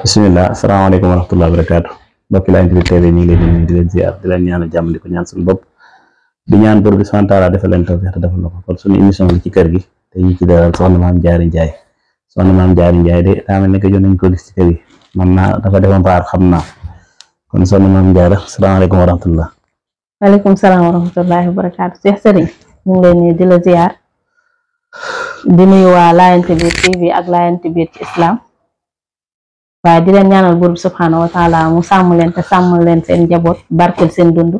bisimilah asalaamaaleykum wa rahmatulah barakaatu mbokki Laayen TV TV ñu ngi leen di nuyu di leen ziar di leen ñaanal jàmm di ko ñaan suñu bopp di ñaan bor bi subhaanahu wa taala defal leen tawfiq te defal na ko kon suñu émission bi ci kër gi te ñu ci dalal soxna maam jaari njaay soxna maam jaari njaay de daa mel ne que jot ko gis ci kër gi man naa dafa defoon paar xam kon soxna maam jaara asalaamaaleykum wa rahmatulah. waaleykum salaam wa rahmatulah barakaatu Cheikh Sëriñ ñu ngi lay nuyu di la ziar di nuyu waa Laayen TV TV ak Laayen TV ci islam. waaye di leen ñaanal buur bi subhaanahu wa taala mu sàmm leen te sàmm leen seen njaboot barkeel seen dund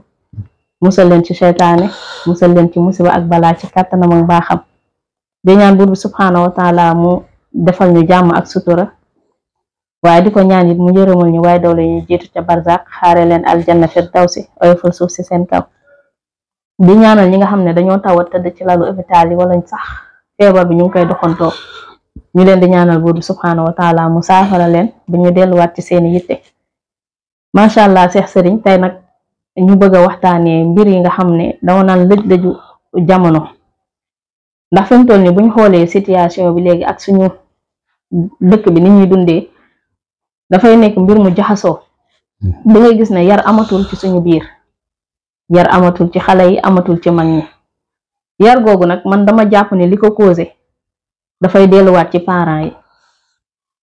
musal leen ci seytaane musal leen ci musiba ak balaa ci kàttanam ak mbaaxam di ñaan buur bi subhaanahu wa taala mu defal ñu jàmm ak sutura waaye di ko ñaan it mu yërëmal ñu waaye doole ñu jiitu ca barzak xaare leen aljanna firdawsi oyofal suuf si seen kaw di ñaanal ñi nga xam ne dañoo tawat tëdd ci lalu hôpital yi wala sax feebar bi ñu ngi koy doxantoo ñu leen di ñaanal buur bi subxanahu mu saafara leen bu ñu delluwaat ci seeni yitte macha allah Cheikh Serigne tey nag ñu bëgg a waxtaanee mbir yi nga xam ne dama naan lëj-lëju jamono ndax fi mu toll xoolee situation bi léegi ak suñu dëkk bi ni ñuy dundee dafay nekk mbir mu jaxasoo hmm. da gis ne yar amatul ci suñu biir yar amatul ci xale yi amatul ci mag ñi yar googu nag man dama jàpp ne li ko causé. dafay delluwaat ci parents yi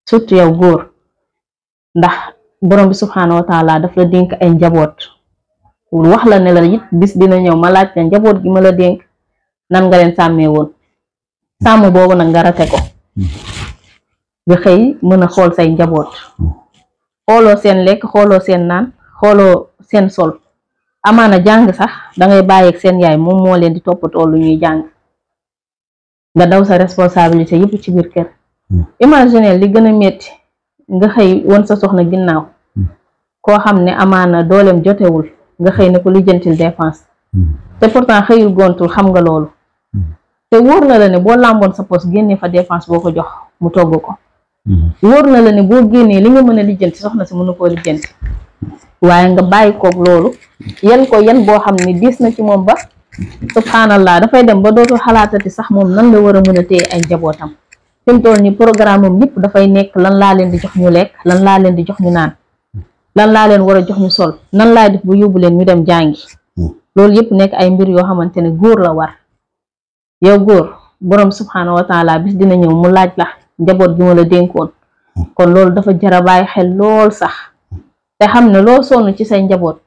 sut yow góor ndax borom bi subxanahu wa daf la dénk ay njaboot wax la ne la it bis dina ñëw ma laaj la njaboot gi ma la dénk nan nga leen sàmmee woon sàmm boobu nag nga rate ko nga xëy mën a xool say njaboot xooloo seen lekk xooloo seen naan xooloo seen sol amaana jàng sax dangay bàyyeeg seen yaay moom moo leen di toppatoo lu ñuy jàng. nga daw sa responsabilité yëpp ci biir kër hmm. imaginer li gën a metti nga xëy won sa soxna ginnaaw hmm. koo xam ne amaana dooleem jotewul nga xëy ne ko lijjanti dépense hmm. te pourtant xëyul gontul xam nga loolu te wóor na la ne boo làmboon sa poste génnee fa dépense boo ko jox mu togg ko wóor na la ne boo génnee li nga mën a lijjanti soxna si mënu koo lijjanti waaye nga bàyyi koog loolu yan ko yan boo xam ne diis na ci moom ba subhanallah dafay dem ba dootul xalaatati sax moom nan la war a mën a téye ay njabootam fi mu toll ni programme yëpp dafay nekk lan laa leen di jox ñu lekk lan laa leen di jox ñu naan lan laa leen war a jox ñu sol nan laa def bu yóbbu leen ñu dem jàngi loolu yëpp nekk ay mbir yoo xamante ne góor la war yow góor boroom subhaanahu wa taala bis dina ñëw mu laaj la njaboot gi ma la dénkoon kon loolu dafa jar a bàyyi xel lool sax te xam ne loo sonn ci say njaboot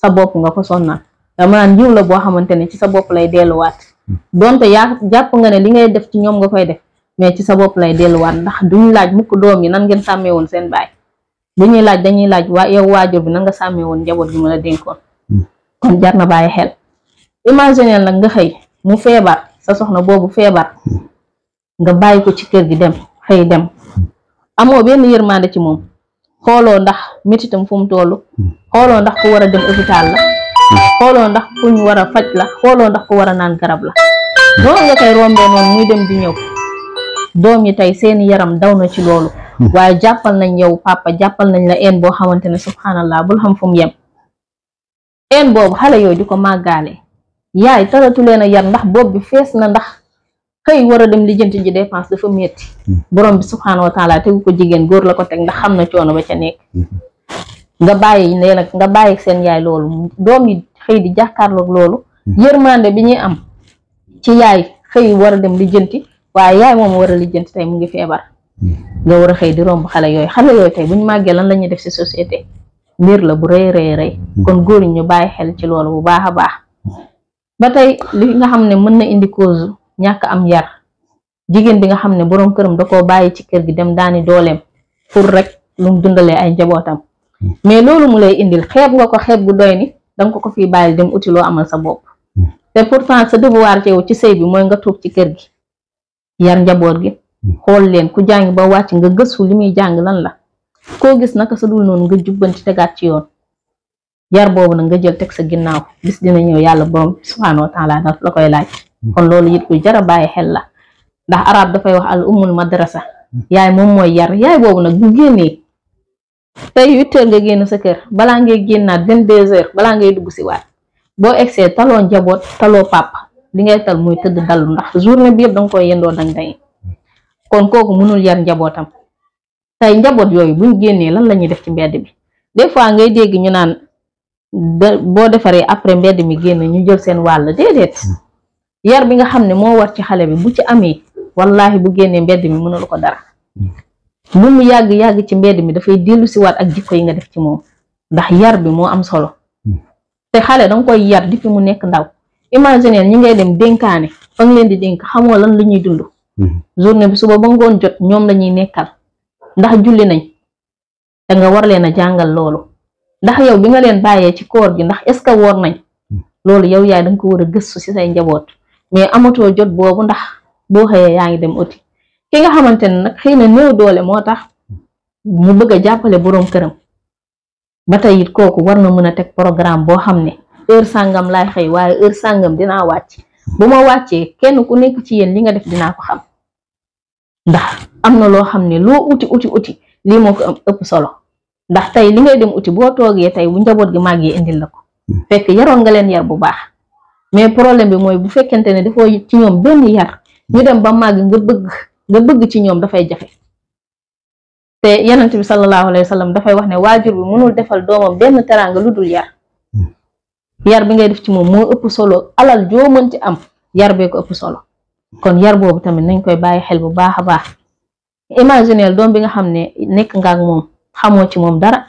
sa bopp nga ko sonnal maanaam njiw la boo xamante ne ci sa bopp lay delluwaat donte yaa jàpp nga ne li ngay def ci ñoom nga koy def mais ci sa bopp lay delluwaat ndax duñu laaj mukk doom yi nan ngeen sàmmee woon seen baay bu ñuy laaj dañuy laaj waa yow waajur bi nan nga sàmmee woon njaboot gi mën a dénkoon hmm. kon jar na bàyyi xel imaginer nag nga xëy mu feebar sa soxna boobu feebar nga bàyyi ko ci kër gi dem xëy dem amoo benn yërmande ci moom xooloo ndax metitam fu mu toll hmm. xooloo ndax ku war a dem hôpital la xooloo ndax kuñ war a faj la xooloo ndax ku war a naan garab la loolu nga koy rombee noonu muy dem di ñëw doom yi tey seen yaram daw na ci loolu hmm. waaye jàppal nañ yow papa jàppal nañ la een boo xamante ne subhanallah xam fu mu boobu xale yooyu di ko màggaale yaay taratu leen a yar ndax bopp bi fees na ndax xëy war a dem lijjanti ji dépense dafa metti hmm. borom bi subhanahu wa taala tegu ko jigéen góor la ko teg ndax xam na coono ba ca nekk hmm. nga bàyyi ne nag nga bàyyi seen yaay loolu doom yi xëy di jàkkaarloog loolu hmm. yërmande bi ñuy am ci yaay xëy war dem lijjanti waaye yaay moom war a lijjanti tey mu ngi feebar hmm. nga war a xëy di romb xale yooyu xale yooyu tey bu ñu màggee lan la ñuy def ci société mbir la bu rëy rëy rëy hmm. kon góor ñu bàyyi xel ci loolu bu baax a baax ba tey li nga xam ne mën na indi cause ñàkk am yar jigéen bi nga xam ne boroom këram da koo bàyyi ci kër gi dem daani dooleem pour rek lu mu dundalee ay njabootam mais loolu mu lay indil xeeb nga ko xeeb gu doy ni danga ko ko fii bàyyil dem uti loo amal sa bopp te pourtant sa devoir ci yow ci sëy bi mooy nga toog ci kër gi yar njaboot gi xool leen ku jàng ba wàcc nga gëstu li muy jàng lan la koo gis naka sa dul noonu nga jubbanti tegaat ci yoon yar boobu nag nga jël teg sa ginnaaw gis dina ñëw yàlla borom subhaanahu wa taala la koy laaj kon loolu it ku jara bàyyi xel la ndax arab dafay wax al ummul madrasa yaay moom mooy yar yaay boobu nag tey huit nga génn sa kër balaa ngay génnaat vingt deux balaa ngay dugg si waat boo egsee taloo njaboot taloo papa li ngay tal muy tëdd dallu ndax journée bi yëpp danga koy yendoo dañ dañ kon kooku mënul yar njabootam tey njaboot yooyu buñ génnee lan la ñuy def ci mbedd bi des fois ngay dégg ñu naan boo defaree après mbedd mi génn ñu jël seen wàll déedéet yar bi nga xam ne moo war ci xale bi bu ci amee wallaahi bu génnee mbedd mi mënul ko dara lu mu yàgg yàgg ci mbedd mi dafay dellu siwaat ak jikko yi nga def ci moom ndax yar bi moo am solo hmm. te xale danga koy yar depuis mu nekk ndaw imaginer ñi ngay dem dénkaane fa leen di dénk xamoo lan la ñuy dund hmm. journée bi suba ba ngoon jot ñoom la ñuy nekkal ndax julli nañ danga nga war leen a jàngal loolu ndax yow bi nga leen bàyyee ci koor gi ndax est ce que woor nañ hmm. loolu yow yaay da ko war a gëstu ci say njaboot mais amatoo jot boobu ndax boo xëyee yaa ngi dem uti ki nga xamante ne nag xëy na néew doole moo tax mu bëgg a jàppale boroom këram ba tey it kooku war na mën a teg programme boo xam ne heure sàngam laay xëy waaye heure sàngam dinaa wàcc bu ma wàccee kenn ku nekk ci yéen li nga def dinaa ko xam ndax am na loo xam ne loo uti uti uti lii moo am ëpp solo ndax tey li ngay dem uti boo toogee tey bu njaboot gi màggee indil la ko fekk yaroon nga leen yar bu baax mais problème bi mooy bu fekkente ne dafoo ci ñoom benn yar ba màgg nga bëgg nga bëgg ci ñoom dafay jafe te yenent bi sallallahu alayhi wa dafay wax ne waajur bi mënul defal doomam benn teraanga lu dul yar hmm. yar bi ngay def ci moom moo ëpp solo alal joo mën ci am yar bee ko ëpp solo kon yar boobu tamit nañ koy bàyyi xel bu baax a baax imagineel doom bi nga xam ne nekk nga moom xamoo ci moom dara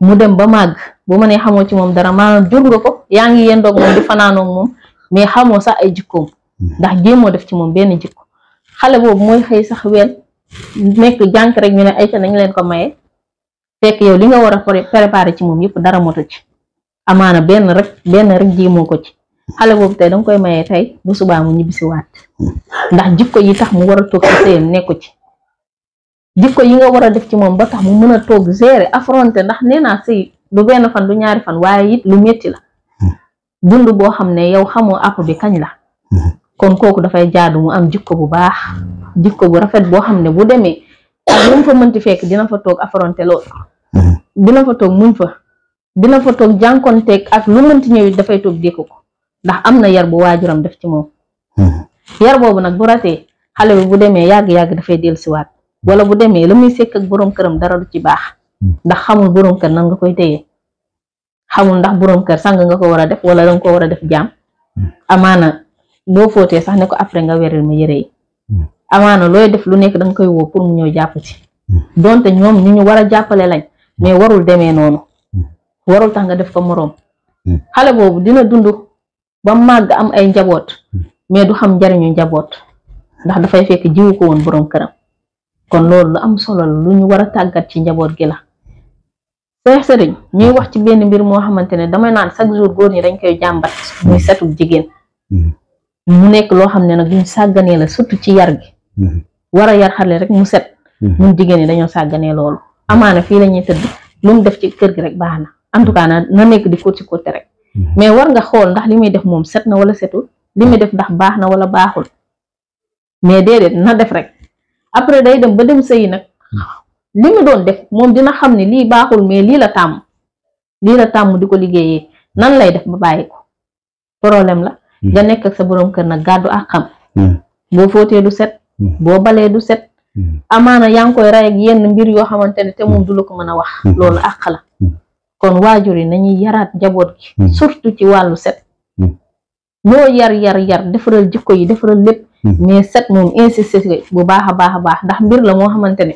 mu dem ba màgg boo ma nee xamoo ci moom dara maanaam jur nga ko yaa ngi yendoog moom di fanaanoog moom mais xamoo sax ay jikkoom hmm. ndax jéemoo def ci moom benn jikko xale boobu mooy xëy sax ween nekk jànk rek ñu ne ay nañ leen ko maye fekk yow li nga war a préparer ci moom yëpp dara motu ci amaana benn rek benn rek jéemoo ko ci xale boobu tey danga koy maye tey bu subaa mu ñibbisiwaat ndax jikko yi tax mu war a toog ci sëyam nekku ci jikko yi nga war a def ci moom ba tax mu mën a toog gérer affronter ndax nee naa lu benn fan lu ñaari fan waaye it lu metti la hmm. dund boo xam ne yow xamoo àpp bi kañ la hmm. kon kooku dafay jaadu mu am jikko bu baax jikko bu rafet boo xam ne bu demee ak lu mu fa mënti fekk dina fa toog affronté lool mm-hmm. dina fa toog muñ fa dina fa toog jànkonteeg ak lu mënti ñëwit dafay toog dékku ko ndax am na yar bu waajuram def ci moom mm-hmm. yar boobu nag bu ratee xale bi bu demee yàgg-yàgg dafay siwaat wala bu demee la muy sekk ak boroom këram dara du ci baax mm-hmm. ndax xamul boroom kër nan nga koy téye xamul ndax boroom kër sang nga ko war a def wala danga ko war a def jaam boo fóotee sax ne ko après nga weral ma yëre yi hmm. amaana looy def lu nekk da nga koy woo pour mu ñëw jàpp ci hmm. donte ñoom ñu ñu war a jàppale lañ hmm. mais warul demee noonu warul tax nga def ko moroom xale boobu dina dund ba màgg am ay njaboot mais du xam njariñu njaboot ndax dafay fekk jiwu ko woon boroom këram kon loolu lu am solo lu ñu war a tàggat ci njaboot gi la seex sëriñ ñuy wax ci benn mbir moo xamante ne damay naan chaque jour góor ñi dañ koy jàmbat muy setu jigéen mu nekk loo xam ne nag luñ sàgganee la surtout ci yar gi mm-hmm. war a yar xale rek mu set mm-hmm. ñun jigéen ñi dañoo sàgganee loolu amaana fii la ñuy tëdd lu def ci kër gi rek baax na en na na nekk di côté côté rek mm-hmm. mais war nga xool ndax li muy def moom set na wala setul li muy def ndax baax na wala baaxul mais déedéet na def rek après day dem ba dem sëyi nag li doon def moom dina xam ne lii baaxul mais lii la tàmm lii la tàmm di ko liggéeyee nan lay def ba bàyyi ko la ga hmm. nekk ak sa borom kër nag gàddu ak xam hmm. boo fóotee du set hmm. boo balee du set amaana yaa ngi koy rey ak yenn mbir yoo xamante ne te moom du la ko mën a wax loolu àq la kon waajur yi nañuy yaraat njaboot gi surtout ci wàllu set loo yar yar yar defaral jikko yi defaral lépp mais set moom insisté bu baax a baax a baax ndax mbir la moo xamante ne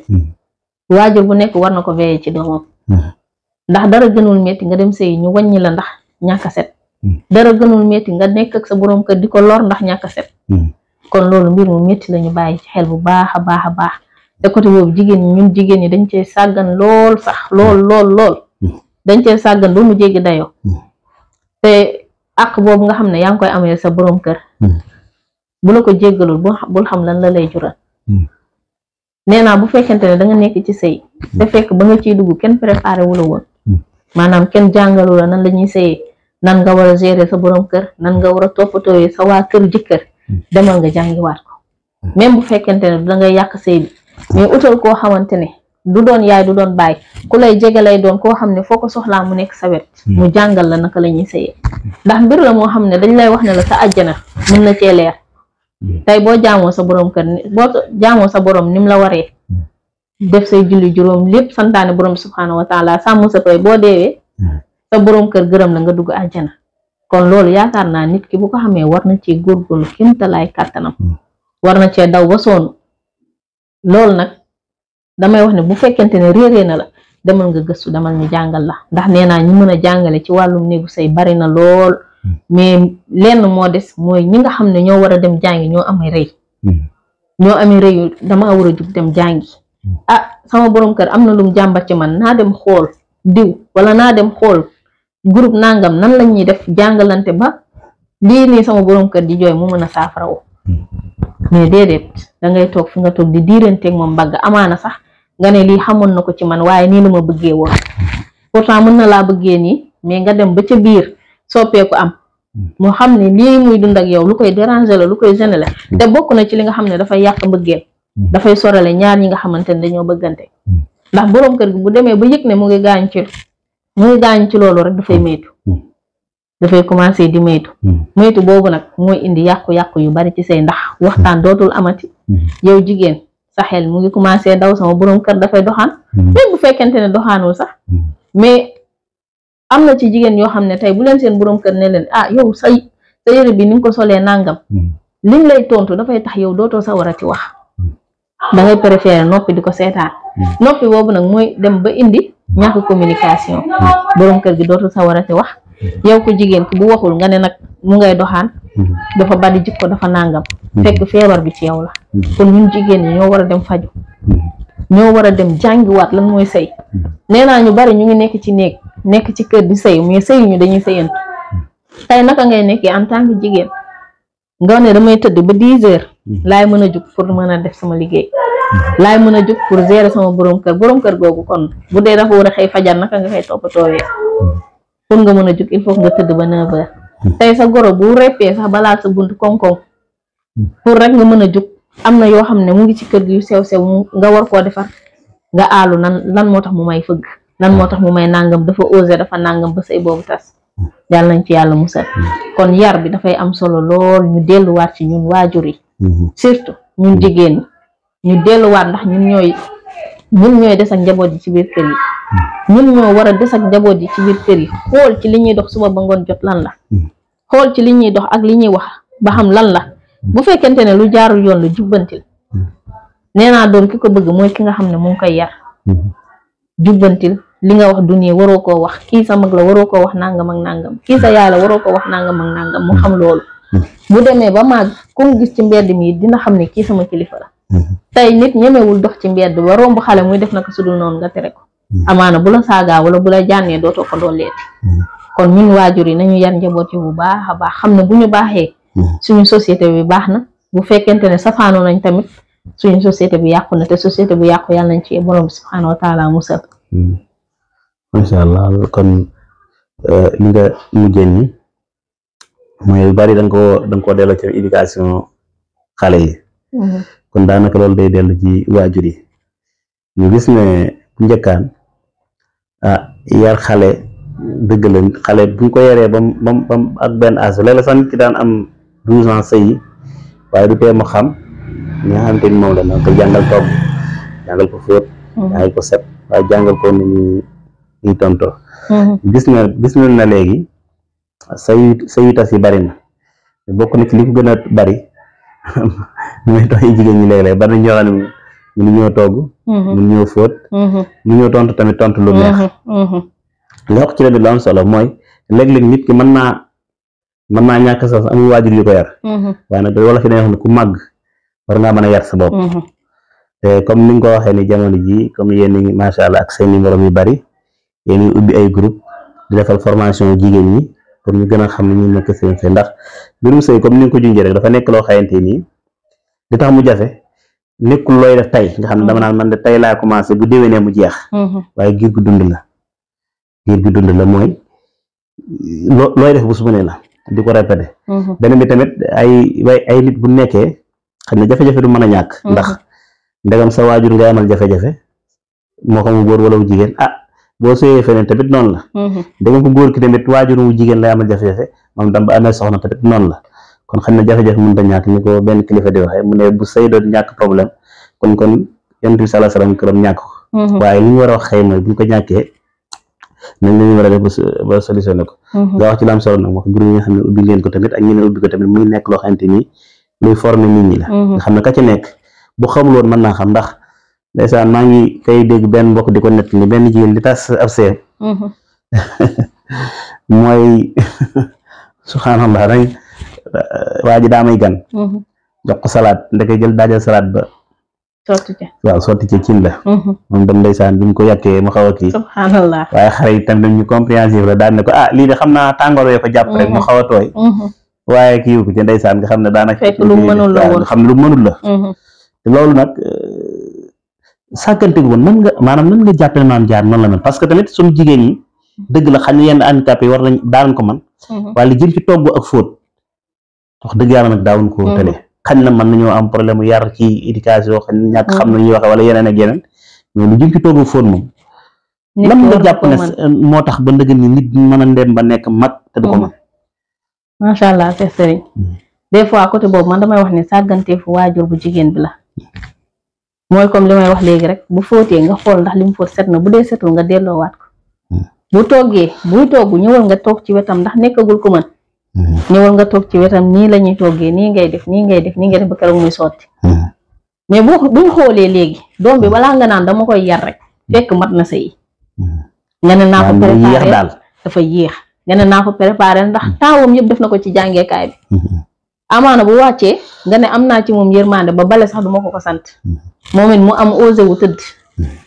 waajur bu nekk war na ko veillé ci doomam ndax dara gënul metti nga dem sëy ñu wàññi la ndax ñàkk set Hmm. dara gënul métti nga nekk ak sa borom kër di ko lor ndax ñàkk a set. Hmm. kon loolu mbir mu métti lañu ñu bàyyi ci xel bu baax a baax a baax te côté boobu jigéen ñi ñun jigéen ñi dañ cee sàggan lool sax lool hmm. lool lool. dañ cee sàggan ba mu jéggi dayoo. te ak boobu nga xam ne yaa ngi koy amee sa borom kër. bu la ko jéggalul bul xam lan la lay jural. nee naa bu fekkente ne da nekk ci sëy te fekk ba nga ciy dugg kenn préparé wu woon. maanaam kenn jàngalu la nan la ñuy sëyee nan nga war a gérer sa boroom kër nan nga war a toppatooyee sa waa kër jëkkër demal nga waat ko même bu fekkente ne da ngay yàq sëy bi mais utal koo xamante ne du doon yaay du doon bay ku lay jege lay doon koo xam ne foo ko soxlaa mu nekk sa wet mu jàngal la naka la ñuy sëyee ndax mbir la moo xam ne dañ lay wax ne la sa àjjana mën na cee leer tey boo jaamoo sa boroom kër ni boo jaamoo sa boroom ni la waree def say julli juróom lépp santaane borom bi wa sa sa boroom kër gërëm la nga dugg àjjana kon loolu yaakaar naa nit ki bu ko xamee war na cee góorgóorlu kéemtalaay kàttanam hmm. war na cee daw ba sonn loolu nag damay wax ne bu fekkente ne réeree na la demal nga gëstu demal ñu jàngal la ndax nee naa ñu mën a jàngale ci wàllum néegu say bari na lool hmm. mais lenn moo des mooy ñi nga xam ne ñoo war a dem jàngi ñoo amee rëy hmm. ñoo amee rëy damaa war a jug dem jàngi ah sama boroom kër am na lum jàmbat ci man naa dem xool diw wala naa dem xool groupe nangam nan la ñuy def jàngalante ba lii nii sama borom kër di jooy mu mën a saafarawu mais déedéet da ngay toog fi nga toog di diiranteeg moom mbagg amaana sax nga ne lii xamoon na ko ci man waaye nii la ma bëggee woon pourtant mën na laa bëggee nii mais nga dem ba ca biir soppeeku am moo xam ne lii muy dund ak yow lu koy déranger la lu koy gêner la te bokk na ci li nga xam ne dafay yàq bëggeel dafay sorale ñaar ñi nga xamante ne dañoo bëggante mm. muy gaañ ci loolu rek dafay hmm. moytu hmm. dafay commencé di moytu hmm. moytu boobu nag mooy indi yàqu-yàqu yu bari ci say ndax waxtaan dootul amati yow jigéen sa xel mu ngi commencé daw sama borom kër dafay doxaan même bu fekkente ne doxaanul sax mais am na ci jigéen yoo xam ne tey bu leen seen borom kër ne leen ah yow sa sa yëre bi ko solee nangam liñ lay tontu dafay tax yow dootoo sax war a ci wax da ngay noppi di ko seetaan noppi boobu nag mooy dem ba indi ñàkk communication borom kër gi dootul sa warate wax yow ko jigéen ki bu waxul nga ne nag mu ngay doxaan mm-hmm. dafa bari jikko dafa nàngam fekk mm-hmm. feebar bi ci yow la mm-hmm. kon ñun jigéen ñi ñoo war a dem faju ñoo war a dem jàngiwaat lan mooy sëy nee naa ñu bari ñu ngi nekk ci néeg nekk ci kër di sëy mais sëy ñu dañuy sëyantu tey naka ngay nekkee en tant que jigéen nga ne damay tëdd ba dix heures laay mën a jug pour mën a def sama liggéey lay mëna juk pour gérer sama borom kër borom kër gogou kon bu dé dafa war xey xëy fajar naka nga xëy toppatoowee pour nga mëna juk il faut nga tëdd ba 9 h tay sa goro bu répé sax bala sa buntu koŋ-koŋ pour rek nga mëna juk amna yo xamné mu ngi ci kër gi yu sew sew nga war ko défar nga alu nan lan motax mu may fëgg lan motax mu may nangam dafa oser dafa nangam ba sey bobu tass yalla nañ ci yalla musa kon yar bi fay am solo lol ñu wat ci ñun wajuri mm-hmm. surtout ñun jigéen ñu delluwaat ndax ñu ñooy ñun des ak njaboot yi ci biir kër yi ñun ñoo war a des ak njaboot yi ci biir kër yi xool ci li ñuy dox suba ba ngoon jot lan la xool ci li ñuy dox ak li ñuy wax ba xam lan la bu fekkente ne lu jaarul yoon la jubbantil nee naa doon ki ko bëgg mooy ki nga xam ne mu ngi yar jubbantil li nga wax du waroo koo wax kii sa mag la waroo ko wax nangam ak nangam kii sa yaay la waroo ko wax nangam ak nangam mu xam loolu mu demee ba màgg ku gis ci mbedd mi dina xam ne kii sama kilifa tey nit ñemewul dox ci mbedd ba romb xale muy def naka sudul noonu nga tere ko mm. amaana bu la saagaa wala bu la jànnee dootoo ko dooleeti mm. kon ñun waajur yi nañu yar njaboot yi bu baax a baax xam ne bu baaxee mm. suñu société bi baax na bu fekkente ne safaanoo nañ tamit suñu société bi yàqu na te société bu yàqu yàlla nañ ci borom bi subhaanahu wa taala musal macha allah kon euh, li nga mujjee ni mooy bari da nga koo da nga koo delloo ci éducation xale yi mm-hmm. kon daanaka loolu day dellu ci waajur yi ñu gis ne bu njëkkaan ah, yar xale dëgg la xale buñ ko yaree bam bam ak benn as sax nit ki daan am douze ans sëyi waaye du tee mu xam ñi nga xamante ni moom la nag ko jàngal togg jàngal ko fóot mhm. jàngal ko set waaye jàngal ko ni ñuy tontoo mhm. gis na gis na na léegi sayu sayu tas yi bari na bokk na ci li ko gën a bari mooy tax yi jigéen ñi léeg-léeg bari nañ ñoo xam ne mënu ñoo togg mhm. mënu ñoo fóot mhm. mënu ñoo tontu tamit tontu lu neex nga mhm. wax ci la lu am solo mooy léeg-léeg nit ki man naa mën naa ñàkk sax am waajur yu ko yar waaye nag wala fi dañuy wax ne ku màgg war ngaa mën a yar sa bopp te comme ni nga ko waxee ne jamono ji comme yéen ngi macha allah ak seen numéro yu bari yéen ñi ubbi ay groupe di defal formation jigéen ñi pour ñu gën a xam ne ñu nekk seen sëy ndax mbirum sëy comme ni nga ko junjee rek dafa nekk loo xayante nii li tax mu jafe nekkul looy def tey nga xam ne dama mm-hmm. naan man de tey laa commencé bu déwénee mu jeex mm-hmm. waaye giir gu dund la giir gu dund la mooy loo looy def bu suba ne la di ko répété mm-hmm. beneen bi tamit ay way ay nit bu nekkee xam ne jafe-jafe du mën a ñàkk ndax ndegam sa waajur ngay amal jafe-jafe moo xam góor wala wu jigéen ah, boo sëyee feneen tamit noonu la mm-hmm. ndegam ko góor ki tamit waajuru wu jigéen lay amal jafe-jafe moom dam ba amee soxna tamit noonu la kon xam ne jafe-jafe mën ta ñàkk ni ko benn kilifa di waxee mu ne bu sëy doon ñàkk problème kon kon yonent bi sallallahu alayhi wasallam këram ñàkk ko mm-hmm. waaye li ñu a wax xëy mooy ko a mm-hmm. ne ubbi leen ko tamit ak ñeneen muy nekk loo xamante ni luy former nit ñi la nga xam ne ka ci nekk bu xamul woon naa xam ndax ndeysaan maa ngi kay dégg benn mbokk di ko nettali benn jigéen di tas ab mhm. mooy subhanallah rek waa ji daa may gan mhm. jox ko ndeke jël daajal salaat ba waaw ci ca cin la mhm. moom tam ndeysaan bi ñu ko yàkkee mu xaw a kii subhanallah waaye xare yi tam ñu compréhensive la daan ko ah, lii de xam naa tàngoor yoo ko jàpp rek mu xaw a tooy waaye kii ko ci ndeysaan nga xam ne daanaka fekk lu mënul la loolu nag sàggante gu bon nan nga maanaam nan nga jàppale maam jaar noonu la mel parce que tamit suñu jigéen ñi dëgg la xam ne yenn handicapé yi war nañ daan ko man mhm. waaye ak fóot wax dëgg yàlla nag daawuñ ko tële mhm. xañ na mën nañoo am problème mu yar ci éducation xañ na ñàkk xam nañuy waxe wala yeneen ak yeneen mais lu jëm ci togg ak fóot moom lan nga jàpp ne moo tax ba ndëgën ni nit mën a ndem ba nekk mag te du ko man mhm. macha allah Cheikh Serigne des fois côté boobu man damay wax ne sàgganteefu waajur bu jigéen bi la mooy comme li may wax léegi rek bu fóotee nga xool ndax li mu fóot set na bu dee setul nga delloowaat ko hmm. bu toggee buy togg ñëwal nga toog ci wetam ndax nekkagul ko mën hmm. ñëwal nga toog ci wetam nii la ñuy toggee nii ngay def nii ngay def nii ngay def ba keroog muy sotti hmm. mais bu buñ xoolee léegi doom bi balaa nga naan dama koy yar rek fekk mat na sa yi nga ne naa ko préparé daal dafa yéex nga ne naa ko préparé ndax taawam yëpp def na ko ci jàngeekaay bi amaana bu wàccee nga ne am naa ci moom yërmande ba bale sax duma ko ko sant moom it mu am osé wu tëdd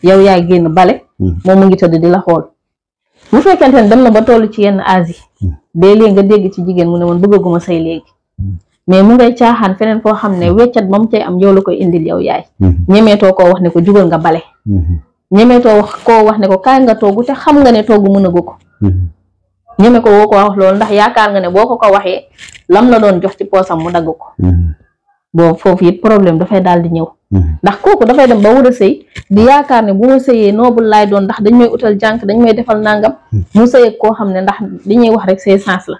yow yaay génn bale moom mu ngi tëdd di la xool bu fekkente ne dem na ba toll ci yenn asi dee léegi nga dégg ci jigéen mu ne woon bëggaguma say léegi mais mu ngay caaxaan feneen foo xam ne weccat ba mu cay am yow la koy indil yow yaay ñemeetoo koo wax ne ko jugal nga bale ñemeetoo koo wax ne ko kaay nga toogu te xam nga ne toogu mën a ko ñeme ko woo ko wax loolu ndax yaakaar nga ne boo ko ko waxee lam la doon jox ci poosam mu dagg ko mm. boobu foofu it problème dafay daal di ñëw mm. ndax kooku dafay dem ba war a sëy di yaakaar ne bu ma sëyee noobul laay doon ndax dañ may utal jànk dañ may defal nangam mm. mu sëyeeg koo xam ne ndax li ñuy wax rek c'est sens la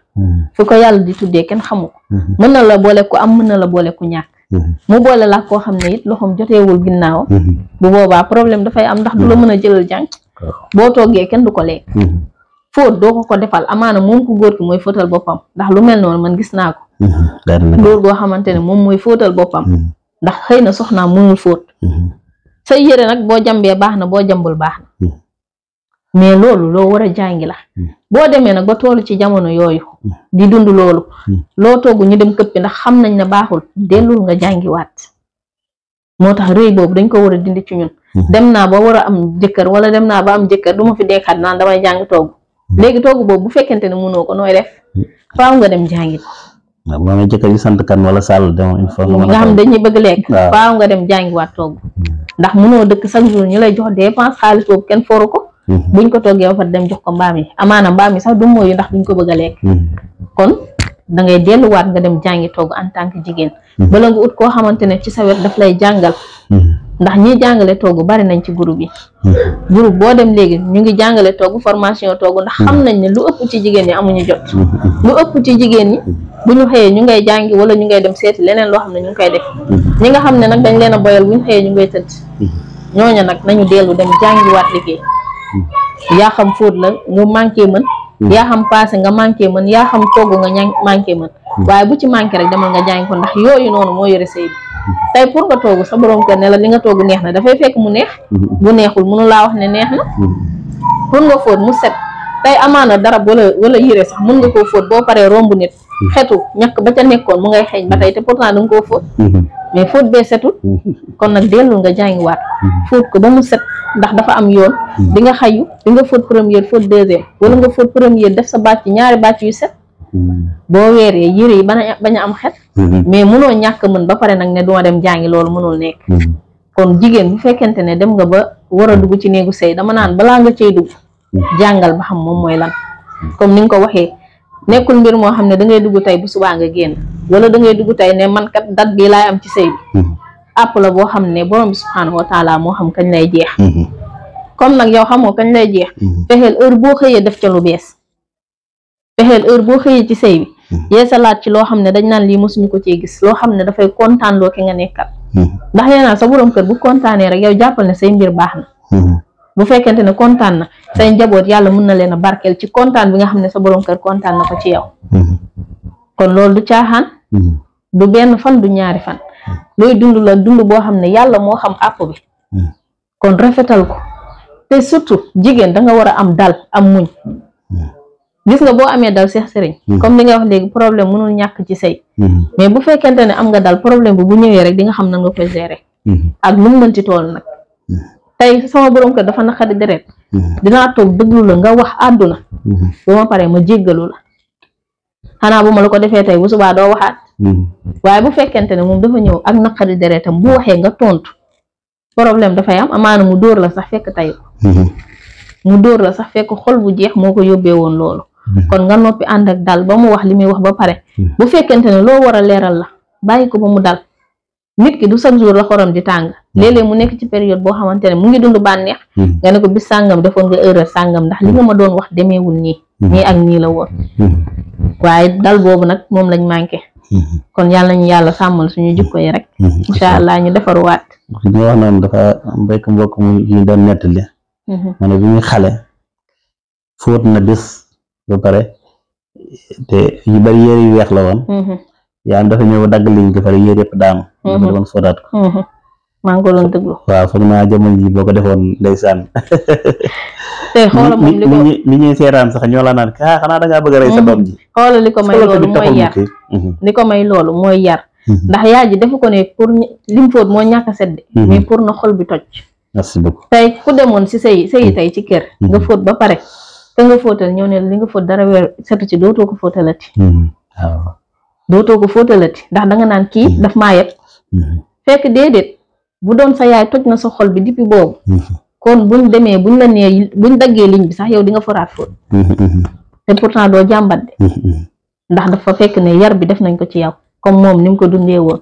fu ko yàlla di tuddee kenn xamu mm-hmm. mën na la boole ku am mën na la boole ku ñàkk mm-hmm. mu boole laak koo xam ne it loxoom joteewul ginnaaw mm-hmm. bu boobaa problème dafay am ndax du la mën a jëlal jànk boo toggee kenn du ko lekk fóot doo ko ko defal amaana moom ku góor ki mooy fóotal boppam ndax lu mel noonu man gis naa ko mhm. góor goo xamante ne moom mooy fóotal boppam mhm. ndax xëy na soxnaam mënul fóot mhm. sa yére nag boo jambee baax na boo jambul baax na mais loolu loo war a jàngi la boo demee nag ba toolu ci jamono yooyu di dund loolu loo toogu ñu këppi ndax xam nañ ne baaxul dellul nga moo tax rëy boobu dañ ko war a dindi ci ñun dem naa ba war a am jëkkër wala dem naa ba am jëkkër du ma fi dekkaat naan damay jàngi toog Hmm. léegi togg boobu bu fekkente ne mënoo ko nooy def hmm. faaw nga dem jàngi ko waaw moom it jëkkër yi sant kan wala sàll dem il faut nga xam dañuy bëgg lekk faaw nga dem jàngiwaat togg hmm. ndax mënoo dëkk chaque jour ñu lay jox dépense xaalis boobu kenn foru ko buñ ko toggee ba dem jox ko mbaam yi amaana mbaam yi sax du mooyu ndax duñ ko bëgg a lekk kon da ngay delluwaat nga dem jàngi togg en tant que jigéen bala nga ut koo xamante ne ci sa wet daf lay jàngal ndax ñi jàngale togg bari nañ ci groupe yi mm-hmm. groupe boo dem léegi ñu ngi jàngale togg formation togg ndax xam mm-hmm. nañ ne lu ëpp ci jigéen ñi amuñu jot mm-hmm. lu ëpp ci jigéen ñi bu ñu xëyee ñu ngay jàngi wala ñu ngay dem seeti leneen loo xam ne ñu ngi koy def ñi nga xam ne nag dañ leen a boyal bu ñu ñu ngay tëdd ñooña nag nañu dellu dem jàngiwaat liggéey yaa xam fóot la nga manqué mën yaa xam passé nga manqué mën yaa xam togg nga manqué mën waaye bu ci manqué rek demal nga jàngi ko ndax yooyu noonu moo yore sëy tey pour nga toogu sa borom kër ne la li nga toogu neex na dafay fekk mu neex bu neexul mënu laa wax ne neex na pour nga fóot mu set tey amaana dara wala wala yére sax mën nga koo fóot boo paree romb nit xeetu ñaq ba ca nekkoon mu ngay xeeñ ba tey te pourtant naa nga koo fóot mais fóot bee setu kon nag dellu nga jàngiwaat fóot ko ba mu set ndax dafa am yoon di nga xayu di nga fóot première fóot deuxième wala nga fóot première def sa bàcc ñaari bàcc yu set boo weeree yére yi bana bañ am xet mhm. mais mënoo ñàkk mën ba pare nag ne duma dem jàngi loolu mënoo nekk mhm. kon jigéen bu fekkente ne dem nga ba war a mhm. dugg ci nekku sëy dama naan balaa nga cay dugg jàngal ba xam moom mooy lan comme ni nga ko waxee nekkul mbir moo xam ne da ngay dugg tey bu subaa nga génn wala da ngay dugg tey ne man kat dat bii laay am ci sëy bi àpp la boo xam ne borom bi subhaanahu wa moo xam kañ lay jeex comme nag yow xamoo kañ lay jeex fexeel boo xëyee def ca lu bees fexeel heure boo xëyee ci sëy bi mhm. yeesalaat ci loo xam ne dañ naan lii mosuñu ko cee gis loo xam ne dafay kontaan loo ki nga nekkal mhm. ndax nee naa sa borom kër bu kontaanee rek yow jàppal ne say mbir baax na mhm. bu fekkente ne kontaan na say njaboot yàlla mun na leen a barkeel ci kontaan bi nga xam ne sa borom kër kontaan na ko ci yow kon loolu du caaxaan du benn fan du ñaari fan looy dund la dund boo xam ne yàlla moo xam àpp bi kon rafetal ko te surtout jigéen da nga war a am dal am muñ gis nga boo amee dal Cheikh Serigne hmm. comme li nga wax léegi problème mënul ñàkk ci sëy hmm. mais bu fekkente ne am nga dal problème bi bu ñëwee rek di nga xam nan nga koy gérer hmm. ak lu mu ci tool nag tey sama borom kër dafa naqari deret dinaa toog déglu la nga wax àdduna bu ma paree ma jéggalu la xanaa bu ma la ko defee tey bu subaa doo waxaat waaye bu fekkente ne moom dafa ñëw ak naqari deretam bu waxee nga tontu problème dafay am amaana mu dóor la sax fekk tey dóor la sax fekk xol bu jeex moo ko yóbbee woon loolu Mm. kon nga noppi ànd ak dal ba mu wax li muy wax ba pare mm. bu fekkente ne loo war a leeral la bàyyi ko ba mu dal nit ki du chaque jour la xorom di tàng mm. léeg mu nekk ci période boo xamante ne mu ngi dund bànneex nga ne ko bis sàngam defoon nga erreur sàngam ndax li nga ma doon wax demeewul nii nii ak nii la woon waaye dal boobu nag moom lañ manqué kon yàlla nañu yàlla sàmmal suñu jikko yi rek incha allah ñu defaruwaat ñu wax mbokk mu ñu doon nettali mm-hmm. ma ne ba pare te yu bari yére yu weex la won hmm am dafa ñëw dag liñ ko pare yére yëpp daanu dafa demoon fóotaat ko mhm. maa ngi ko doon déglu wa fa ma jamono ji boko defoon ndeysaan te xoolal moom li ko li ñuy seetaan sax ñola naan ka ah, xana da nga bëgg ray sa mhm. doom ji xoolal liko may loolu moy yar mhm. li ko may loolu moy yar ndax yaaji dafa ko ne pour lim fóot mo ñaka sedd mais pour na xol bi toj merci beaucoup tey ku demoon si say say tay ci kër nga fóot ba pare te nga fóotal ñëw ne li nga fóot dara weer setu ci dootoo ko fóotalati waaw hmm. ah. dootoo fóotalati ndax danga naan kii hmm. daf ma yeb hmm. fekk déedéet bu doon sa yaay toj na sa xol bi depuis boobu kon buñ demee buñ la nee buñ daggee liñ bi sax yow di nga foraat fóot te pourtant doo jàmbat de ndax dafa fekk ne yar bi def nañ ko ci yow comme moom ni ko dundee woon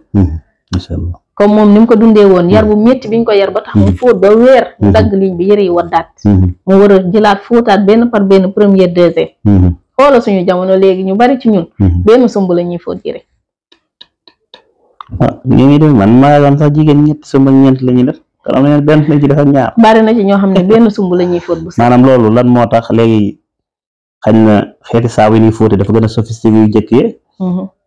comme mom ni ko dundé won yar bu mm-hmm. metti biñ ko yar ba tax mu mm-hmm. fóot ba wër dag mm-hmm. dagg liñ bi yéré yi waddaat mu war a jëlaat fóotaat benn par ben premier deuxième xoola suñu jamono légui ñu bari ci ñun ben sombu la ñuy fóot yëre ah ñu ngi def man ma gam sax jigen ñet sombu ñent ñeent la ñuy def kon am na benn lañ ci def ak ñaar bari na ci ño xamné ben sombu la bu manam lolu lan moo tax léegi xañ na xeeti saabu yi dafa gëna sophistiqué yu jëkke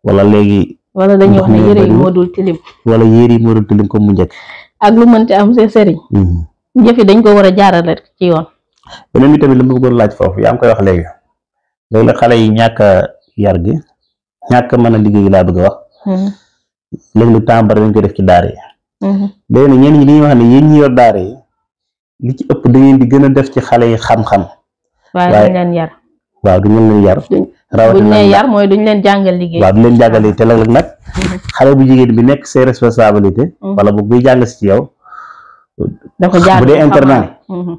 wala légui wala dañuy wax ne yére yi moo dul tilim. wala yére yi moo dul tilim comme mu njëkk. ak lu mënti am see sëriñ. Hmm. jëf yi dañ ko war a jaarale ci yoon. beneen bi tamit li ma bëggoon laaj foofu yaa ngi koy wax léegi léegi xale yi ñàkk a yar gi ñàkk a laa bëgg a wax. Hmm. léegi lu temps bari dañ koy def ci daar yi. Hmm. léegi nag ñenn ñi dañuy wax ne yéen yor daara yi li ci ëpp da di gën a def ci xale yi xam-xam. waaye duñ leen yar waaw leen yar. rawatina buñ yar mooy duñ leen jàngal liggéey. waaw duñ leen jàngal te léeg-léeg nag. xale bu jigéen bi nekk say responsabilité. Mm-hmm. wala bu buy jàng si ci yow. da ko bu dee internat. Mm-hmm.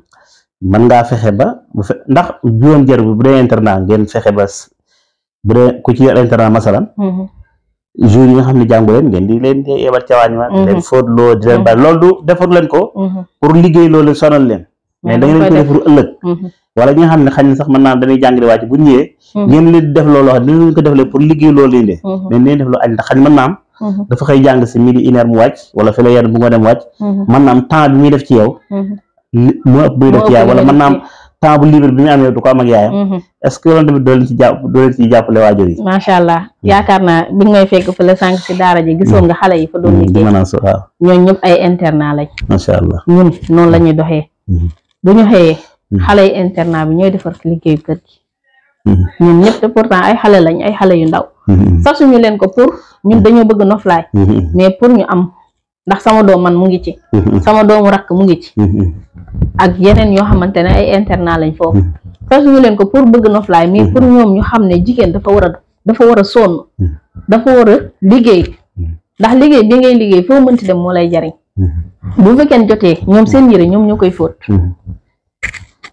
mën ngaa fexe ba bu fe ndax juróom jër bu dee internat ngeen fexe ba bu dee ku ci yor internat masalan. Mm-hmm. jour yi nga xam ne jàngu leen ngeen di leen yebal ca waañ ma leen fóot loolu du leen ko pour liggéey loolu sonal leen mais da ngeen pour ëllëg wala ñi nga xam ne xañ na sax mën naa dañuy jàng di wàcc bu ñëwee ngeen mhm. leen def loolu wax dinañ ko defle pour liggéey loolu leen de mhm. mais nee def loolu añ ndax xañ mën naa am mhm. dafa xëy jàng si midi une heure mu wàcc wala fi la yenn bu nga def ci yow moo loolu leen ci jàpp naa bi nga may fekk ay internat lañ macha allah ñun noonu la doxee bu ñu xëyee Mm-hmm. xale yu internat bi ñooy defar liggéeyu kër gi mm-hmm. ñun ñëpp te ay xale lañ ay xale yu ndaw mm-hmm. sasuñu leen ko pour ñun dañoo bëgg noflaay mais pour ñu am ndax sama doom man mu ngi ci sama doomu rakk mu ngi ci ak yoo xamante ne ay internat lañ foofu sasuñu leen ko pour bëgg noflaay mais pour ñoom ñu xam ne jigéen dafa war a dafa war a sonn dafa war a liggéey ndax liggéey bi ngay liggéey foo mënti dem moo lay jariñ bu weekend jotee ñoom seen yére ñoom ñoo koy fóot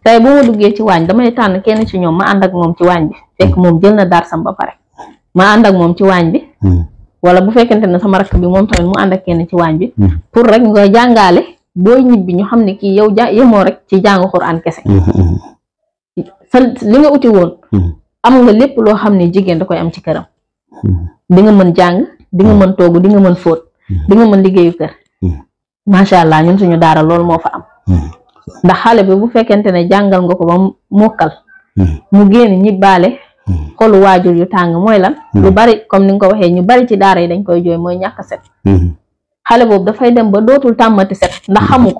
tey bu ma duggee ci waañ damay tànn kenn ci ñoom ma ànd ak moom ci waañ bi fekk hmm. moom jël na daar sam ba pare ma ànd ak moom ci waañ bi hmm. wala bu fekkente ne sama rakk bi moom tamit mu ànd ak kenn ci waañ bi hmm. pour rek nga jàngaale booy ñibbi ñu xam ne kii yow ja yemoo rek ci jàng Xuraan kese sa li nga uti woon am nga lépp loo xam ne jigéen da koy am ci këram di nga mën jàng di nga mën toogu di nga mën fóot di nga mën liggéeyu kër macha allah ñun suñu daara loolu moo fa am ndax xale bi bu fekkente ne jàngal nga ko ba mokkal hmm. mu génn ñibbaale hmm. xolu waajur yu tàng mooy lan hmm. lu bari comme ni nga ko waxee ñu bari ci daara yi dañ koy jooy mooy ñàkk xale boobu dafay dem ba dootul tàmmati set ndax xamu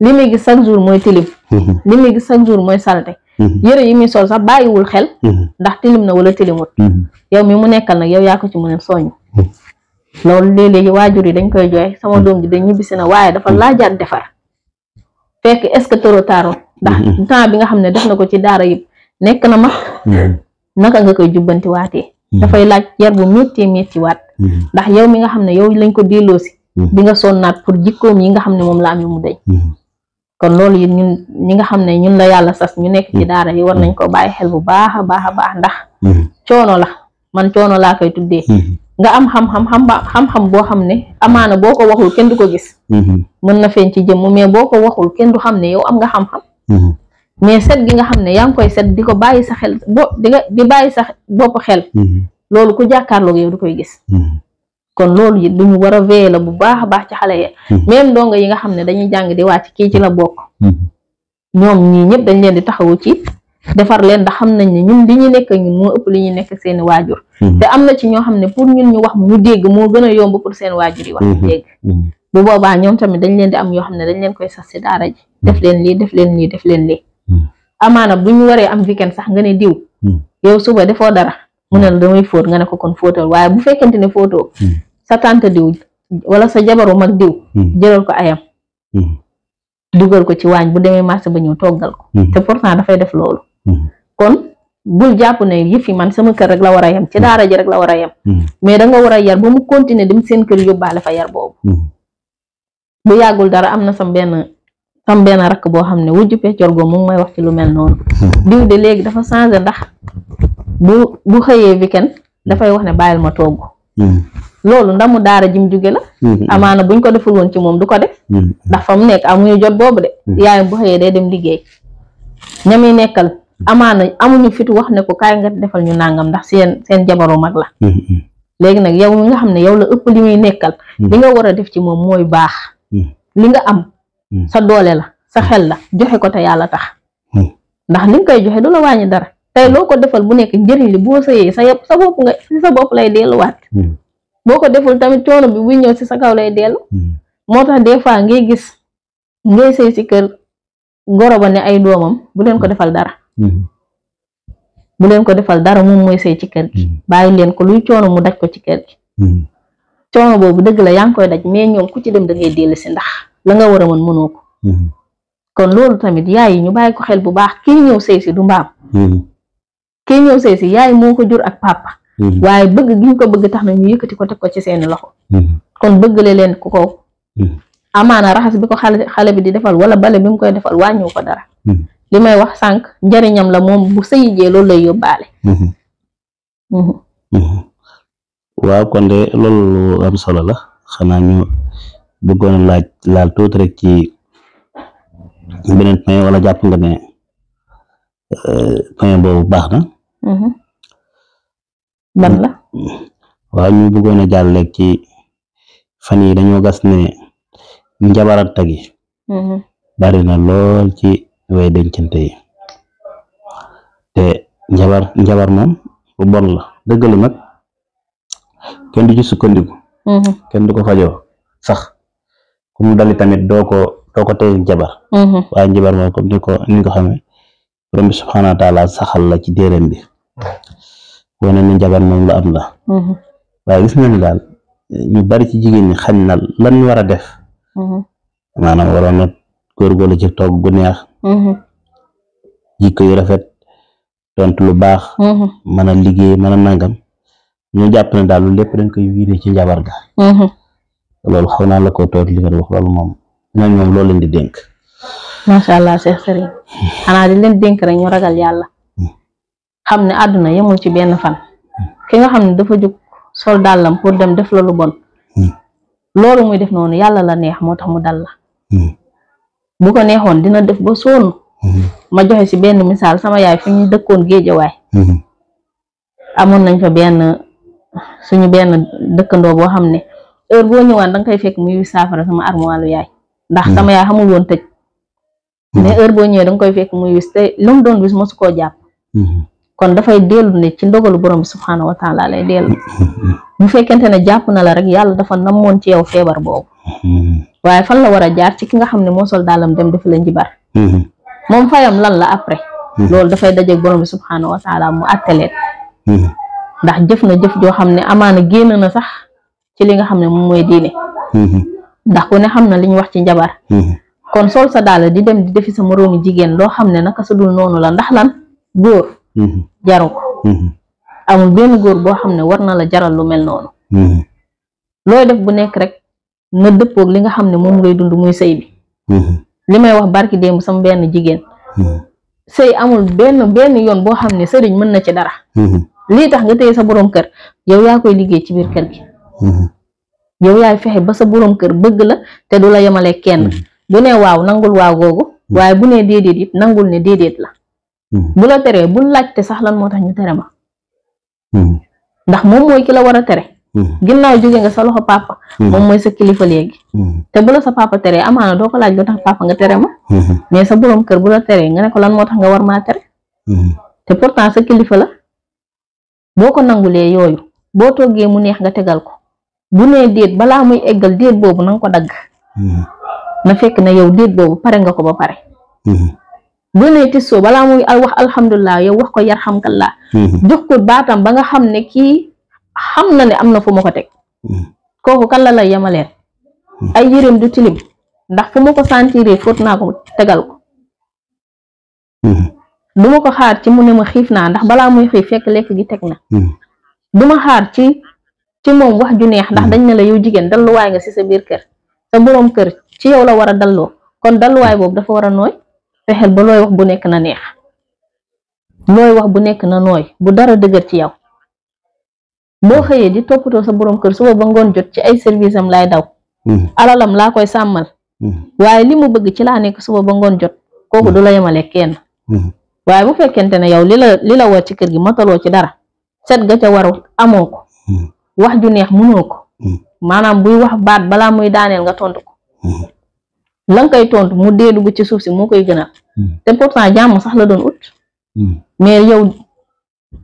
li muy gis chaque mooy tilim li muy gis chaque jour mooy salte yëre yi muy sol sax bàyyiwul xel ndax tilim na wala tilimut yow mi mu nekkal nag yow yaa ko ci mën a soññ loolu léeg-léegi waajur yi dañ koy jooy sama doom ji dañ ñibbisi na waaye dafa laajaat defar fekk est-ce que trop tard ndax mm-hmm. temps bi nga xam ne def ko ci daara yëpp nekk na mag naka nga koy jubbanti waatee mm-hmm. dafay laaj yar bu métti métti waat mm-hmm. ndax yow mi nga xam ne yow lañ ko delloosi bi nga sonnaat pour jikkoom yi nga xam ne moom laa am mu deñ kon loolu it ñun ñi nga xam ne ñun la yàlla sas ñu nekk ci daara yi war nañ ko bàyyi xel bu baax a baax a baax ndax coono la man coono laa koy tuddee nga am xam-xam xam-xam boo xam ne amaana boo ko waxul kenn du ko gis mm-hmm. mën na feeñ ci jëmm mais boo ko waxul kenn du xam ne yow am nga xam-xam mm-hmm. mais set gi nga xam ne yaa ngi koy set di ko bàyyi sa xel bo di nga bàyyi sa bopp xel mm-hmm. loolu ku jàkkaarloog yow du koy gis kon loolu it lu ñu war a veiller la bu baax a baax ci xale ya même ndongo yi nga xam ne dañuy jàng di wàcc ki ci la bokk ñoom ñii ñëpp dañ leen di taxawu ci defar leen ndax xam nañ ne ñun li ñu nekk ñun moo ëpp li ñu nekk seeni waajur mhm. te am na ci ñoo xam ne pour ñun ñu wax ñu dégg moo gën a yomb pour seen waajur yi wax ñu mhm. dégg mhm. bu boobaa ñoom tamit dañ leen di am yoo xam ne dañ leen koy sas si daara ji def leen lii def leen lii def leen lii amaana bu ñu waree am weekend sax nga ne diw yow suba defoo dara mu ne la damay fóot nga ne ko kon fóotal waaye bu fekkente ne fóotoo sa tante diw wala sa jabaru mag diw jëlal ko ayam dugal ko ci waañ bu demee marché ba ñëw toggal ko te dafay def loolu Mm-hmm. kon bul jàpp ne yëf yi man sama kër rek la war a yem ci daara ji rek la war a yem mm-hmm. mais da nga war a yar ba mu continuer dem seen kër yóbbaale fa yar boobu mm-hmm. bu yàggul dara am na sam benn sam benn rakk boo xam ne wujju peccor goo moom mooy wax ci lu mel noonu diw de léegi dafa changé ndax bu bu xëyee kenn dafay wax ne bàyyil ma togg loolu mu daara jim jóge la amaana buñ ko deful woon ci moom du ko def ndax fa mu nekk amuñu jot boobu de yaayam bu xëyee day dem liggéey nekkal amaana amuñu fit wax ne ko kay nga defal ñu nangam ndax seen seen jabaru mag la mm, mm. légui nak yow mi nga xamne yow la ëpp li muy nekkal mm. li nga wara def ci mom moy baax li nga am sa doole la sa xel la joxe ko ta yalla tax ndax li ngay joxe du la dara tay loko ko defal bu nekk njëriñ li bo sëyee sa yop sa bop nga sa bop lay delu wat ko deful tamit ciono bi buy ñew ci sa kaw lay delu motax des fois ngay gis ngay sey ci kër goro ba ne ay domam bu len ko defal dara Mm-hmm. bu leen ko defal dara moom mooy sëy ci kër gi mm-hmm. bàyyi leen ko luy coono mu daj ko ci kër gi mm-hmm. coono boobu dëgg la yaa ngi koy daj mais ñoom ku ci dem da ngay si ndax la nga war mën mënoo ko kon loolu tamit yaay yi ñu bàyyi ko xel bu baax kii ñëw sëy si du mbaam ke ñëw sëy si yaay moo ko jur ak papa waaye bëgg gi ñu ko bëgg tax na ñu yëkkati ko teg ko ci seeni loxo kon bëggale leen ko ko amaana raxas bi ko xale bi di defal wala bale bi mu koy defal wàññiwu ko dara li may wax sànq njariñam la moom bu sëy jee loolu lay yóbbaale. Mhm. Mhm. Mhm. waaw kon loolu am solo la xanaa ñu bëggoon laaj laal tuuti rek ci beneen point wala jàpp nga ne point boobu baax na. ban la. waaw ñu bëggoon a jàll ci fan yi dañoo gas ne njabarante gi. bari na lool ci. way dencante yi te njabar njabar mom lu bon la dëgg la nag kenn du ci sukkandiku mhm. kenn du ko fajo sax kum dali tamit doko doko tey njabar mhm. waaye njabar mom comme ni ko ni nga xamé borom subhanahu wa taala saxal la ci déeréem bi wane ni njabar mom la am la mhm. waaye gis nañu dal ñu bari ci jigeen ni xañ lan wara def manam waroon nak góorgóorlu ci togg gu neex mm-hmm. jikko yu rafet tontu lu baax mm-hmm. mën a liggéey mën a nangam ñu jàpp ne daal lu lépp dañ koy wiire ci njabar ga mm-hmm. loolu xaw naa la ko toot li loolu moom ñooñu moom loolu leen di dénk macha allah Cheikh Sëriñ xanaa di leen dénk rek ñu ragal yàlla xam ne àdduna yemul ci benn fan ki nga xam ne dafa jóg sol dàllam pour dem def la lu bon mm. loolu muy def noonu yàlla la neex moo tax mu dal la mm. bu ko neexoon dina def ba sonn. Mhm. ma joxe ci benn misaal sama yaay fu ñu dëkkoon géejawaay mhm. amoon nañ fa benn suñu benn dëkkandoo boo xam ne heure boo ñëwaan da nga koy fekk muy saafara sama armoire yaay ndax mhm. sama yaay xamul woon tëj mais heure boo ñëwee da nga koy fekk muy wis te lu doon bis mosu koo jàpp kon dafay dellu ne ci ndogalu borom bi subhaanahu wa taala lay dellu bu fekkente ne jàpp na la rek yàlla dafa namoon ci yow feebar boobu waaye fan la war a jaar ci ki nga xam ne moo sol daalam dem dafa la njibar mhm. moom fayam lan la après mhm. loolu dafay dajeeg borom bi subhaanahu wa taala mu àtteleen mhm. ndax jëf na jëf joo xam ne amaana génn na sax ci li nga xam ne moom mooy diine ndax ku ne xam na li ñu wax ci njabar kon sol sa daala di dem di defi sa moroomu jigéen loo xam ne naka su dul noonu la ndax lan góor jaru ko benn góor boo xam ne war na la jaral lu mel noonu looy def bu nekk rek na dëppoog li nga xam ne moom ngay dund muy sëy bi mm-hmm. li may wax barki démb sama benn jigéen mm-hmm. sëy amul benn benn yoon boo xam ne sëriñ mën na ci dara mm-hmm. lii tax nga téye sa boroom kër yow yaa koy liggéey ci biir kër gi yow yaay fexe ba sa borom kër bëgg la te du la yemale kenn bu ne waaw nangul waaw googu waaye bu ne déedéet it nangul ne déedéet la bu la teree bu laajte sax lan moo tax ñu tere ma ndax moom mooy ki la war a tere ginnaaw jóge nga sa loxo papa. Hmm. moom mooy sa kilifa léegi. Hmm. te bu la sa papa teree amaana doo ko laaj lu tax papa nga tere ma. Hmm. mais sa borom kër bu la teree nga ne ko lan moo tax nga maa tere. te pourtant sa kilifa la boo ko nangulee yooyu boo toggee mu neex nga tegal ko bu nee déet balaa muy eggal déet boobu na ko dagg. na fekk na yow déet boobu pare nga ko ba pare. bu nee tissoo balaa muy wax alhamdulilah yow wax ko yarhamkallah jox ko baatam ba nga xam ne kii. xam na ne am na fu ma ko teg hmm. kooku kan la lay yemaleen hmm. ay yëreem du tilim ndax fu ma ko sentiree fóot naa ko tegal ko hmm. du ma ko xaar ci mu ne ma xiif naa ndax balaa muy xiif fekk lekk gi teg na du ma xaar ci ci moom wax ju neex ndax dañ ne la yow jigéen dalluwaay nga ci sa biir kër sa boroom kër ci yow la war a dalloo kon dalluwaay boobu dafa war a nooy fexeel ba looy wax bu nekk na neex looy wax bu nekk na nooy bu dara dëgër ci yow boo xëyee di toppatoo sa borom kër suba ba ngoon jot ci ay service am laay daw hmm. alalam laa koy sàmmal hmm. waaye li mu bëgg ci laa nekk suba ba ngoon jot kooku du la hmm. yemale kenn waaye bu fekkente ne yow li la li la war ci kër gi mataloo ci dara set ga ca war amoo ko wax ju neex mënoo ko maanaam buy wax baat balaa muy daaneel nga tontu ko la koy tontu mu dee dugg ci suuf si moo koy gënal te pourtant jàmm sax la doon ut mais yow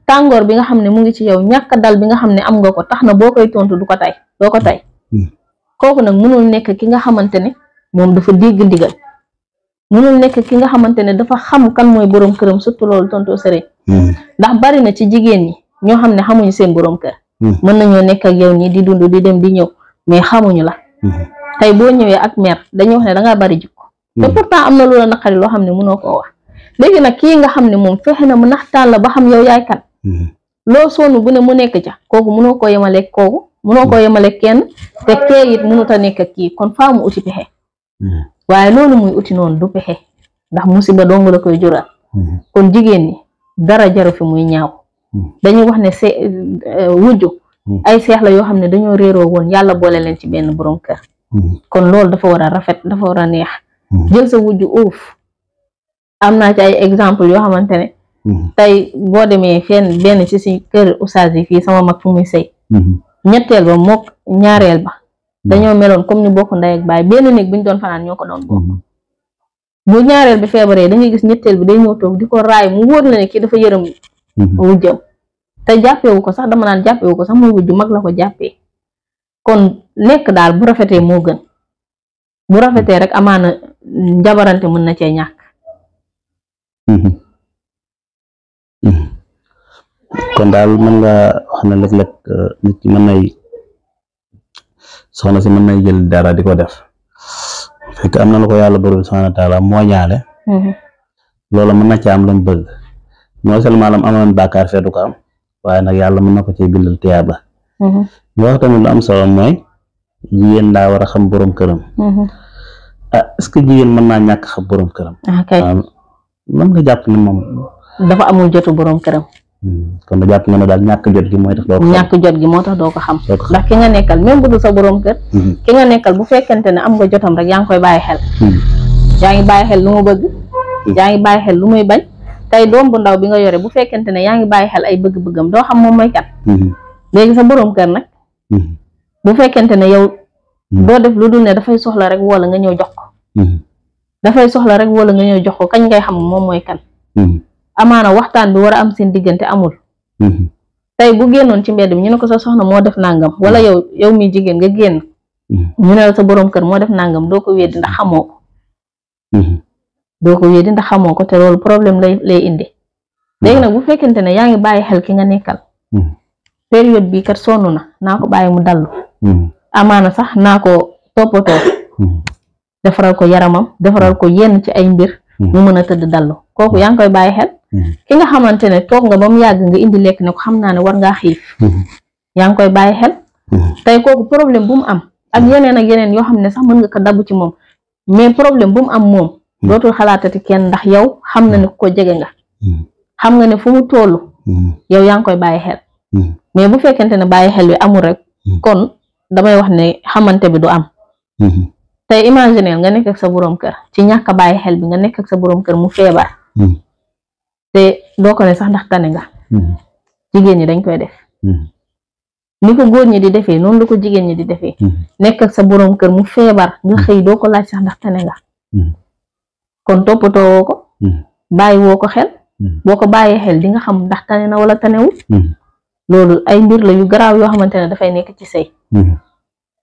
tàngoor bi nga xam ne mu ngi ci yow ñàkk dal bi nga xam ne am nga ko tax na boo koy tontu du ko tay doo ko tay hmm. kooku nag mënul nekk ki nga xamante ne moom dafa dégg ndigal mënul nekk ki nga xamante ne dafa xam kan mooy borom këram surtout loolu tontu sëriñ hmm. ndax bari na ci jigéen ñi ñoo xam ne xamuñu seen borom kër hmm. mën nañoo nekk ak yow ñi di dund di dem di ñëw mais xamuñu la tey boo ñëwee ak mer dañuy wax ne dangaa bari jikko te pourtant am na loola naqari loo xam ne mënoo koo wax léegi nag kii nga xam ne moom fexe na mu naxtaan la ba xam yow yaay kan hmm. loo sonn bu ne mu nekk ca kooku munoo ko yemaleeg kooku munoo ko yemaleeg kenn te kee it munut a nekk kii kon faa mu uti pexe hmm. waaye loolu muy uti noonu du pexe ndax musiba dong la koy jural hmm. kon jigéen ñi dara jaru fi muy ñaaw dañuy wax ne see euh, wujju ay seex la yoo xam ne dañoo réeroo woon yàlla boole leen ci benn borom kër kon loolu dafa war a rafet dafa war a neex jël sa wujju uuf am naa ci ay exemple yoo xamante ne mhm. tey boo demee fenn benn ci si kër oustaz yi fii sama mag fu muy sey mhm. ñetteel ba mook ñaareel ba mhm. dañoo meloon comme ñu bokk ndey ak benn néeg bu ñu doon fanaan ñoo ko doon bokk bu ñaareel bi feebaree dañuy gis ñetteel bi day ñëw toog di ko raay mu wóor la ne kii dafa yërëm wujjam te jàppewu ko sax dama naan jàppewu ko sax muy wujju mag la ko jàppee kon nekk daal bu rafetee moo gën bu rafetee rek amaana njabarante mën na cee ñàkk Mhm. Mhm. kon daal mën nga wax ne léeg-léeg nit ki mën nay soxna si man nay jël dara di ko def fekk am na lu ko yàlla borom subhaanahu wa taala moo ñaale mhm. loola mën na ci am lu mu bëgg non seulement lam amoon bàkkaar fee du ko am waaye nag yàlla mën na ko ci bindal tiyaaba ñu wax tamit lu am solo mooy jigéen daa war a xam borom këram ah est-ce que jigéen mën naa ñàkk xam borom këram ah, man nga jàpp na moom. dafa amul jotu borom këram. Hmm. kon da jàpp nga na daal ñàkk jot gi mooy tax doo ko xam ñàkk jot gi moo tax doo ko xam ndax ki nga nekkal même bu dul sa borom kër hmm. ki nga nekkal bu fekkente ne am nga jotam rek yaa ngi koy bàyyi xel hmm. yaa ngi bàyyi xel lu mu bëgg yaa ngi bàyyi xel lu muy bañ tey doom bu ndaw bi nga yore bu fekkente ne yaa ngi bàyyi xel ay bëgg-bëggam doo xam moom mooy kat léegi sa boroom kër nag bu fekkente ne yow doo def lu dul ne dafay soxla rek woo nga ñëw jox ko dafay soxla rek wala nga ñëw jox ko kañ ngay xam moom mooy kan hmm. amaana waxtaan bi war a am seen diggante amul hmm. tey bu génnoon ci mbedd bi ñu ne ko sa soxla moo def nangam wala yow yow mi jigéen nga génn hmm. ñu ne sa borom kër moo def nangam doo ko weddi ndax xamoo ko doo ko weddi ndax xamoo ko te loolu problème lay lay indi léegi nag bu fekkente ne yaa ngi bàyyi xel ki nga nekkal période bi kat sonn na naa ko bàyyi mu dallu amaana sax naa ko defaral ko yaramam defaral ko yenn ci ay mbir hmm. mu mën a tëdd dallu kooku hmm. yaa ngi koy bàyyi xel hmm. ki nga xamante ne toog nga ba mu yàgg nga indi lekk ne ko xam naane war ngaa xiif yaa ngi koy bàyyi xel tey kooku problème bu mu am ak yeneen ak yeneen yoo xam ne sax mën nga ko dabb ci moom mais problème bu mu am moom dootul xalaatati kenn ndax yow xam na ne ku ko jege nga xam nga ne fu toolu toll yow yaa ngi koy bàyyi xel mais bu fekkente ne bàyyi xel wi amul rek kon damay wax ne xamante bi du am tey imagineel nga nekk ak sa boroom kër ci ñàkk a bàyyi xel bi nga nekk ak sa boroom kër mu feebar hmm. te doo ko ne sax ndax tane nga hmm. jigéen ñi dañ koy def hmm. ni ko góor ñi di defee noonu la ko jigéen ñi di defee nekk ak sa boroom kër mu feebar nga xëy doo ko laaj sax ndax tane nga kon toppatoo woo ko bàyyi woo ko xel boo ko bàyyee xel di nga xam ndax tane na wala tanewul loolu ay mbir la yu garaaw yoo xamante ne dafay nekk ci sëy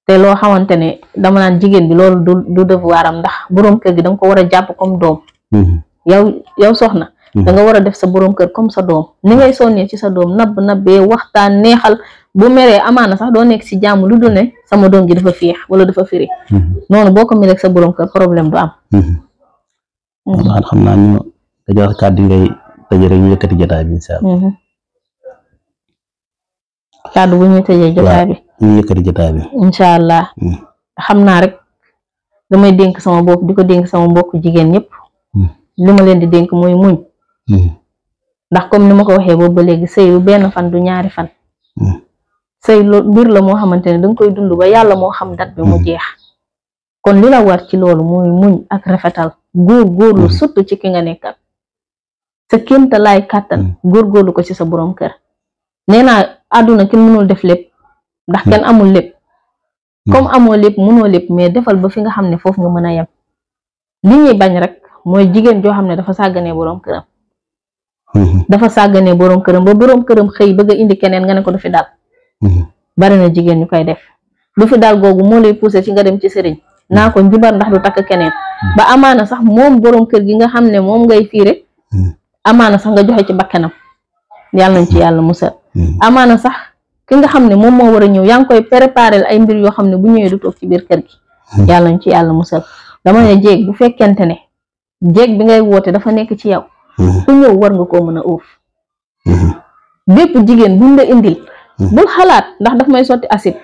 té lo xamante ne dama nan jigen bi lolou du du devoiram ndax borom kër gi dang ko wara japp comme doom mm-hmm. yow yow soxna mm-hmm. da nga wara def sa borom kër comme sa doom ni ngay sonné ci sa doom nab nabé waxtaan neexal bu méré amana sax do nek si jamu lu dul ne sama dom gi dafa fiix wala dafa firi mm-hmm. nonu boko mi rek sa borom kër problème du am daan xam ñu da jox kaddi ngay tëjee rek ñu yëkkati jotaay bi insha allah kaddu bu ñu tejé jotaay bi ñu yëkkati jotaay bi. incha allah. Hmm. xam naa rek damay dénk sama bopp di ko dénk sama mbokk jigéen ñëpp. Hmm. li ma leen di dénk mooy muñ. Hmm. ndax comme ni ma ko waxee boobu ba léegi sëy bu benn fan du ñaari fan. sëy lo mbir la moo xamante ne danga koy dund ba yàlla moo xam dat bi mu jeex kon li la war ci loolu mooy muñ ak rafetal góorgóorlu surtout ci ki nga nekkal sa kéemtalaay kàttan góorgóorlu ko ci sa borom kër nee naa àdduna ki def lépp ndax kenn amul lépp hmm. comme amoo lépp mënoo lépp mais defal ba fi nga xam ne foofu nga mën a yem li ñuy bañ rek mooy jigéen joo xam ne dafa sàgganee boroom këram hmm. dafa sàgganee boroom këram ba boroom këram xëy bëgg a indi keneen nga ne ko du fi daal hmm. bari na jigéen ñu koy def du fi daal googu moo lay poussé ci nga dem ci sëriñ naa ko njubar ndax du takk keneen ba amaana sax moom boroom kër gi nga xam ne moom ngay fiire amaana sax nga joxe ci bakkanam yàlla ci yàlla musal amaana ki nga xam ne moom moo war a ñëw yaa ngi koy préparé ay mbir yoo xam ne bu ñëwee du toog ci biir kër gi hmm. yàlla ñu ci yàlla musal dama ne jéeg bu fekkente ne jéeg bi ngay woote dafa nekk ci yow hmm. ñëw war nga koo mën a uuf hmm. bépp jigéen buñ la indil xalaat ndax daf may sotti acide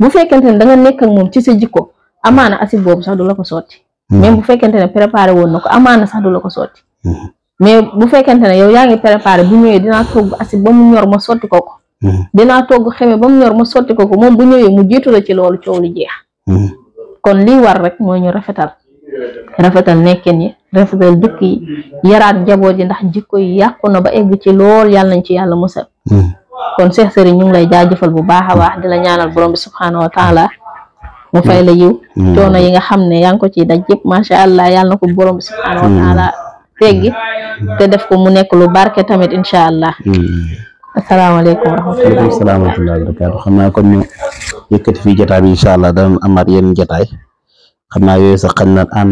bu fekkente ne da nga nekk ci sa jikko amaana acide boobu sax du la ko sotti même bu fekkente ne préparé woon na ko amaana sax du la ko sotti mais bu fekkente ne yow yaa ngi préparé bu ñëwee dinaa toog acide ba mu ñor ma sotti ko ko Hmm. dinaa toog xeme ba mu ñor ma sotti ko ko moom bu ñëwee mu jiitu ci loolu coow li jeex hmm. kon lii war rek mooy ñu rafetal rafetal nekkin yi rafetal dëkk yi yaraat njaboot yi ndax jikko yi yàqu na ba egg ci lool yàlla nañ ci yàlla musal hmm. kon Cheikh Serigne ñu ngi lay jaajëfal bu baax a baax di la ñaanal borom bi subhaanahu wa mu fay la yiw coono yi nga xam ne yaa ngi ko ciy daj yëpp macha allah yàlla na ko borom bi subhaanahu wa taala teggi te def ko mu nekk lu barke tamit incha allah asalaamaaleykum waaleykum salaam wa rahmatulah barakaatu xam naa kon ñu yëkkati fii jotaay bi incha allah danañ amaat yenn jotaay xam naa yooyu sax xañ na en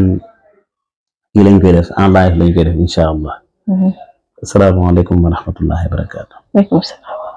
kii lañ koy def en live lañ koy def incha mhm. salaam.